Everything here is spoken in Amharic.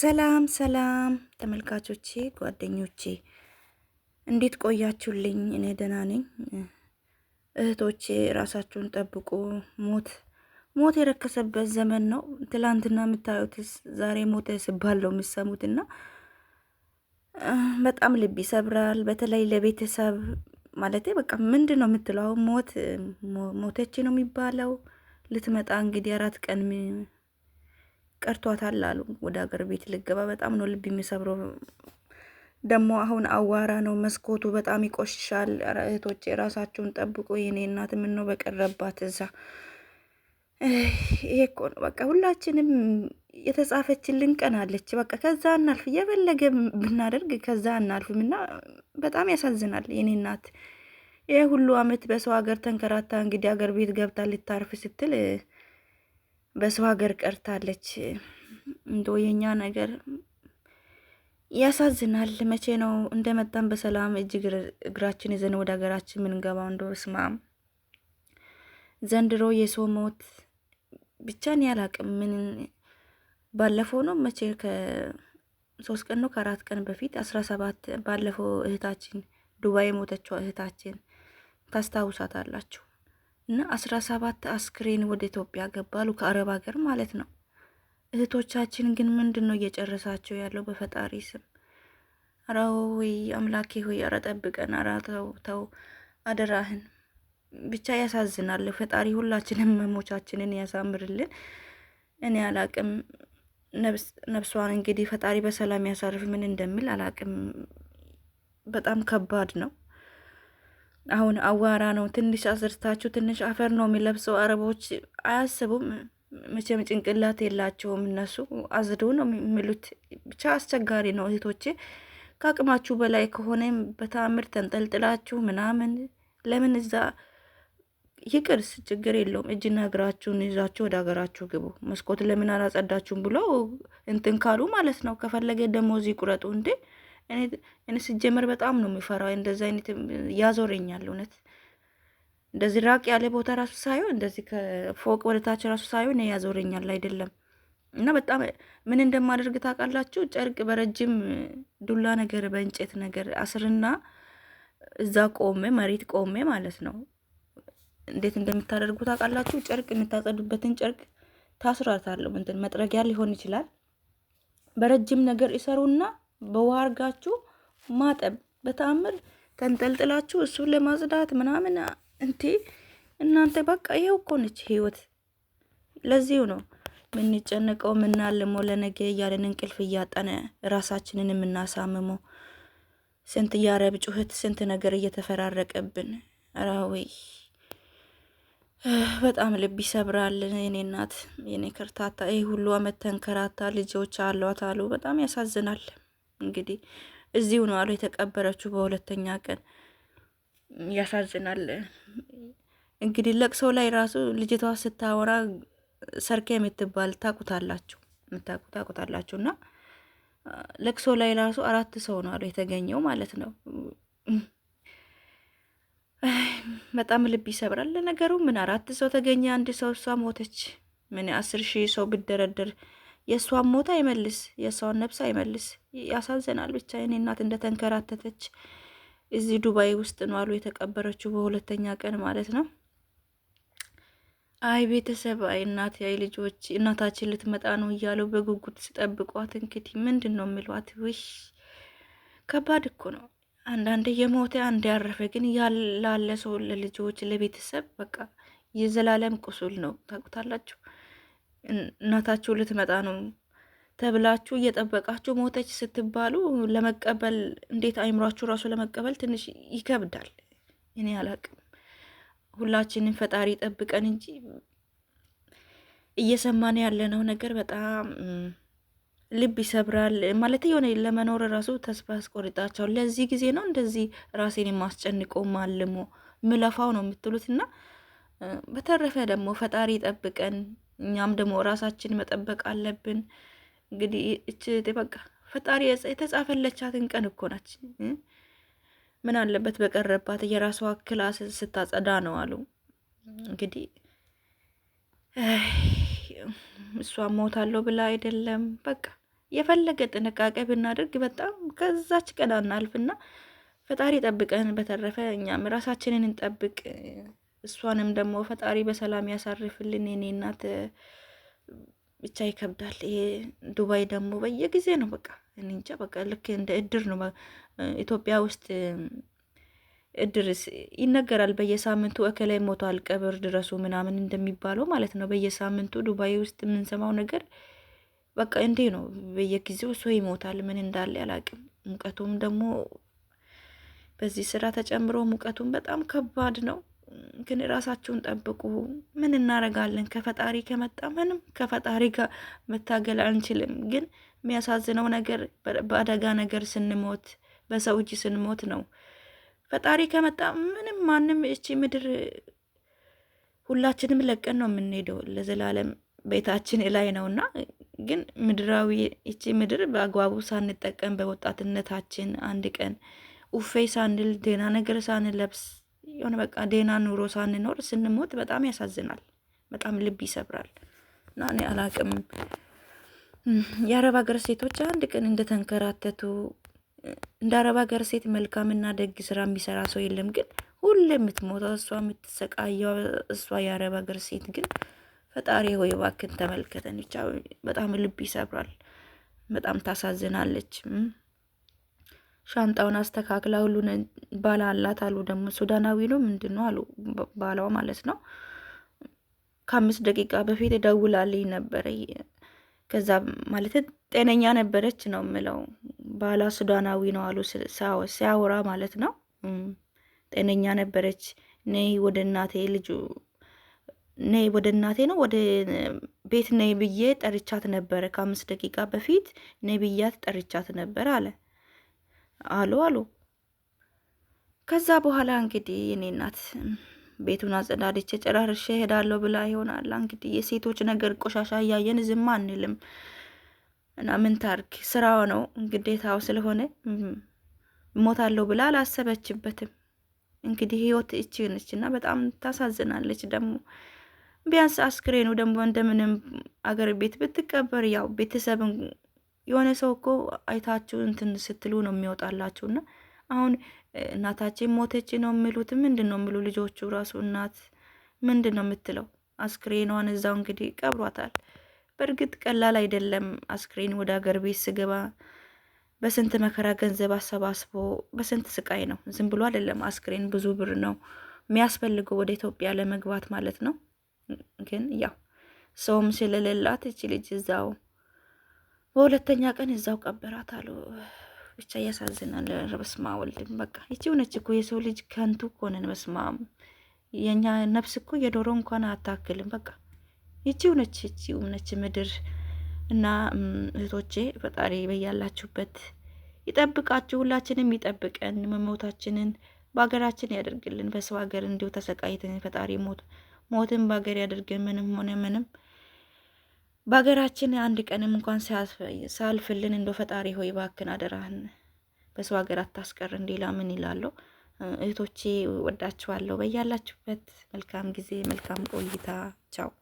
ሰላም ሰላም ተመልካቾቼ ጓደኞቼ እንዴት ቆያችሁልኝ? እኔ ደህና ነኝ። እህቶቼ ራሳችሁን ጠብቁ። ሞት ሞት የረከሰበት ዘመን ነው። ትላንትና የምታዩትስ ዛሬ ሞተ ስባል ነው የምሰሙትና በጣም ልብ ይሰብራል። በተለይ ለቤተሰብ ማለት በቃ ምንድን ነው የምትለው ሞት ሞተች ነው የሚባለው። ልትመጣ እንግዲህ አራት ቀን ቀርቷታል አሉ። ወደ ሀገር ቤት ልገባ በጣም ነው ልብ የሚሰብረው። ደግሞ አሁን አዋራ ነው፣ መስኮቱ በጣም ይቆሽሻል። እህቶች ራሳችሁን ጠብቆ የኔ እናት ምን ነው በቀረባት እዛ። ይሄ እኮ ነው በቃ ሁላችንም የተጻፈችልን ቀን አለች። በቃ ከዛ እናልፍ፣ የፈለገ ብናደርግ ከዛ እናልፍም እና በጣም ያሳዝናል የኔ እናት። ይሄ ሁሉ አመት በሰው ሀገር ተንከራታ እንግዲህ ሀገር ቤት ገብታ ልታርፍ ስትል በሰው ሀገር ቀርታለች። እንዶ የኛ ነገር ያሳዝናል። መቼ ነው እንደመጣን በሰላም እጅ እግራችን ይዘን ወደ ሀገራችን ምንገባው? እንዶ ስማም ዘንድሮ የሰው ሞት ብቻን ያላቅም ምን ባለፈው ነው መቼ ከሶስት ቀን ነው ከአራት ቀን በፊት አስራ ሰባት ባለፈው እህታችን ዱባይ የሞተችው እህታችን ታስታውሳታላችሁ። እና አስራ ሰባት አስክሬን ወደ ኢትዮጵያ ገባሉ ከአረብ ሀገር ማለት ነው። እህቶቻችን ግን ምንድን ነው እየጨረሳቸው ያለው? በፈጣሪ ስም አረ ወይ አምላኬ ሆይ አረ ጠብቀን፣ አረ ተው ተው አደራህን። ብቻ ያሳዝናል። ፈጣሪ ሁላችንም መሞቻችንን ያሳምርልን። እኔ አላቅም ነብሷን እንግዲህ ፈጣሪ በሰላም ያሳርፍ። ምን እንደሚል አላቅም። በጣም ከባድ ነው። አሁን አዋራ ነው። ትንሽ አስርታችሁ ትንሽ አፈር ነው የሚለብሰው። አረቦች አያስቡም መቼም ጭንቅላት የላቸውም እነሱ አዝዱ ነው የሚሉት። ብቻ አስቸጋሪ ነው እህቶቼ። ከአቅማችሁ በላይ ከሆነ በታምር ተንጠልጥላችሁ ምናምን ለምን እዛ ይቅርስ፣ ችግር የለውም። እጅና እግራችሁን ይዛችሁ ወደ ሀገራችሁ ግቡ። መስኮት ለምን አላጸዳችሁም ብሎ እንትን ካሉ ማለት ነው። ከፈለገ ደሞዝ ይቁረጡ እንዴ! እኔ ስጀምር በጣም ነው የሚፈራው። እንደዚ አይነት ያዞረኛል እውነት። እንደዚህ ራቅ ያለ ቦታ ራሱ ሳየው እንደዚህ ከፎቅ ወደታች ራሱ ሳየው እኔ ያዞረኛል አይደለም። እና በጣም ምን እንደማደርግ ታውቃላችሁ? ጨርቅ በረጅም ዱላ ነገር በእንጨት ነገር አስርና እዛ ቆሜ መሬት ቆሜ ማለት ነው። እንዴት እንደምታደርጉ ታውቃላችሁ? ጨርቅ የምታጸዱበትን ጨርቅ ታስራታለሁ። እንትን መጥረጊያ ሊሆን ይችላል። በረጅም ነገር ይሰሩና በውሃ አርጋችሁ ማጠብ በተአምር ተንጠልጥላችሁ እሱን ለማጽዳት ምናምን እንቴ እናንተ በቃ ይኸው እኮ ነች ህይወት። ለዚሁ ነው የምንጨነቀው የምናልመው ለነገ እያለን እንቅልፍ እያጠነ ራሳችንን የምናሳምመው። ስንት የአረብ ጩኸት፣ ስንት ነገር እየተፈራረቀብን ራወይ በጣም ልብ ይሰብራል። የኔ እናት የኔ ክርታታ ይህ ሁሉ አመት ተንከራታ ልጆች አሏት አሉ። በጣም ያሳዝናል። እንግዲህ እዚሁ ነው አሉ የተቀበረችው በሁለተኛ ቀን። ያሳዝናል። እንግዲህ ለቅሶ ላይ ራሱ ልጅቷ ስታወራ ሰርኬ የምትባል ታቁታላችሁ ታቁታላችሁ እና ለቅሶ ላይ ራሱ አራት ሰው ነው አሉ የተገኘው ማለት ነው። በጣም ልብ ይሰብራል። ለነገሩ ምን አራት ሰው ተገኘ፣ አንድ ሰው እሷ ሞተች። ምን አስር ሺህ ሰው ብደረደር የእሷን ሞት አይመልስ፣ የእሷን ነብስ አይመልስ። ያሳዘናል። ብቻ የኔ እናት እንደተንከራተተች እዚህ ዱባይ ውስጥ ነው አሉ የተቀበረችው፣ በሁለተኛ ቀን ማለት ነው። አይ ቤተሰብ፣ አይ እናት፣ አይ ልጆች፣ እናታችን ልትመጣ ነው እያሉ በጉጉት ስጠብቋት እንግዲህ ምንድን ነው የሚሏት? ውሽ ከባድ እኮ ነው። አንዳንዴ የሞተ አንድ ያረፈ ግን ያላለ ሰው ለልጆች ለቤተሰብ በቃ የዘላለም ቁስል ነው። ታውቁታላችሁ። እናታችሁ ልትመጣ ነው ተብላችሁ እየጠበቃችሁ ሞተች ስትባሉ ለመቀበል እንዴት አይምሯችሁ እራሱ ለመቀበል ትንሽ ይከብዳል። እኔ አላቅም። ሁላችንም ፈጣሪ ጠብቀን እንጂ እየሰማን ያለነው ነገር በጣም ልብ ይሰብራል። ማለት የሆነ ለመኖር ራሱ ተስፋ ያስቆርጣቸው ለዚህ ጊዜ ነው እንደዚህ ራሴን የማስጨንቆ ማልሞ ምለፋው ነው የምትሉት እና በተረፈ ደግሞ ፈጣሪ ጠብቀን እኛም ደግሞ ራሳችን መጠበቅ አለብን። እንግዲህ እች በቃ ፈጣሪ የተጻፈለቻትን ቀን እኮ ናች። ምን አለበት በቀረባት የራሷ ክላስ ስታጸዳ ነው አሉ። እንግዲህ እሷ ሞታለሁ ብላ አይደለም በቃ የፈለገ ጥንቃቄ ብናደርግ በጣም ከዛች ቀን አናልፍና ፈጣሪ ጠብቀን። በተረፈ እኛም ራሳችንን እንጠብቅ። እሷንም ደግሞ ፈጣሪ በሰላም ያሳርፍልን። የኔ እናት ብቻ ይከብዳል። ይሄ ዱባይ ደግሞ በየጊዜ ነው። በቃ እንጃ። በቃ ልክ እንደ እድር ነው። ኢትዮጵያ ውስጥ እድር ይነገራል። በየሳምንቱ እከላይ ሞቷል፣ ቀብር ድረሱ ምናምን እንደሚባለው ማለት ነው። በየሳምንቱ ዱባይ ውስጥ የምንሰማው ነገር በቃ እንዴ ነው። በየጊዜው ሰው ይሞታል። ምን እንዳለ አላውቅም። ሙቀቱም ደግሞ በዚህ ስራ ተጨምሮ ሙቀቱም በጣም ከባድ ነው። ግን ራሳችሁን ጠብቁ። ምን እናረጋለን? ከፈጣሪ ከመጣ ምንም ከፈጣሪ ጋር መታገል አንችልም። ግን የሚያሳዝነው ነገር በአደጋ ነገር ስንሞት፣ በሰው እጅ ስንሞት ነው። ፈጣሪ ከመጣ ምንም ማንም እቺ ምድር ሁላችንም ለቀን ነው የምንሄደው ለዘላለም ቤታችን ላይ ነውና ግን ምድራዊ እቺ ምድር በአግባቡ ሳንጠቀም በወጣትነታችን አንድ ቀን ኡፌ ሳንል ደህና ነገር ሳንለብስ የሆነ በቃ ደህና ኑሮ ሳንኖር ስንሞት በጣም ያሳዝናል፣ በጣም ልብ ይሰብራል። እና እኔ አላቅም የአረብ ሀገር ሴቶች አንድ ቀን እንደተንከራተቱ እንደ አረብ ሀገር ሴት መልካምና ደግ ስራ የሚሰራ ሰው የለም። ግን ሁሌ የምትሞተው እሷ የምትሰቃየው እሷ የአረብ ሀገር ሴት ግን ፈጣሪ ሆይ እባክን ተመልከተን። ብቻ በጣም ልብ ይሰብራል፣ በጣም ታሳዝናለች። ሻንጣውን አስተካክላ ሁሉ ባላ አላት አሉ። ደግሞ ሱዳናዊ ነው ምንድን ነው አሉ ባላው ማለት ነው። ከአምስት ደቂቃ በፊት ደውላልኝ ነበረ። ከዛ ማለት ጤነኛ ነበረች ነው ምለው። ባላ ሱዳናዊ ነው አሉ ሲያወራ ማለት ነው። ጤነኛ ነበረች። ነይ ወደ እናቴ ልጁ ነይ ወደ እናቴ ነው ወደ ቤት ነይ ብዬ ጠርቻት ነበረ። ከአምስት ደቂቃ በፊት ነይ ብያት ጠርቻት ነበረ አለ አሉ አሉ። ከዛ በኋላ እንግዲህ የኔ እናት ቤቱን አጸዳድቼ ጨራርሼ እሄዳለሁ ብላ ይሆናል። እንግዲህ የሴቶች ነገር ቆሻሻ እያየን ዝም አንልም እና ምን ታርክ ስራው ነው ግዴታው ስለሆነ ሞታለሁ ብላ አላሰበችበትም። እንግዲህ ህይወት እቺ ነች እና በጣም ታሳዝናለች። ደግሞ ቢያንስ አስክሬኑ ደግሞ እንደምንም አገር ቤት ብትቀበር ያው ቤተሰብን የሆነ ሰው እኮ አይታችሁ እንትን ስትሉ ነው የሚወጣላችሁ። እና አሁን እናታችን ሞተች ነው የሚሉት። ምንድን ነው የሚሉ ልጆቹ ራሱ እናት ምንድን ነው የምትለው? አስክሬኗን እዛው እንግዲህ ቀብሯታል። በእርግጥ ቀላል አይደለም። አስክሬን ወደ ሀገር ቤት ስገባ በስንት መከራ ገንዘብ አሰባስቦ በስንት ስቃይ ነው። ዝም ብሎ አይደለም። አስክሬን ብዙ ብር ነው የሚያስፈልገው ወደ ኢትዮጵያ ለመግባት ማለት ነው። ግን ያው ሰውም ስለሌላት እች ልጅ እዛው በሁለተኛ ቀን እዛው ቀበራት አሉ። ብቻ ያሳዝናል። በስመ አብ ወልድም በቃ ይቺ ሆነች እኮ የሰው ልጅ ከንቱ ሆነን በስመ አብ የእኛ ነፍስ እኮ የዶሮ እንኳን አታክልም። በቃ ይቺ ሆነች ይቺ ሆነች ምድር እና እህቶቼ ፈጣሪ በያላችሁበት ይጠብቃችሁ፣ ሁላችንም ይጠብቀን፣ መሞታችንን በሀገራችን ያደርግልን። በሰው ሀገር እንዲሁ ተሰቃይተን ፈጣሪ ሞት ሞትን በሀገር ያደርገን ምንም ሆነ ምንም በሀገራችን አንድ ቀንም እንኳን ሳልፍልን እንደ ፈጣሪ ሆይ ባክን አደራህን በሰው ሀገር አታስቀር። እንዲላ ምን ይላለሁ። እህቶቼ ወዳችኋለሁ። በያላችሁበት መልካም ጊዜ፣ መልካም ቆይታ። ቻው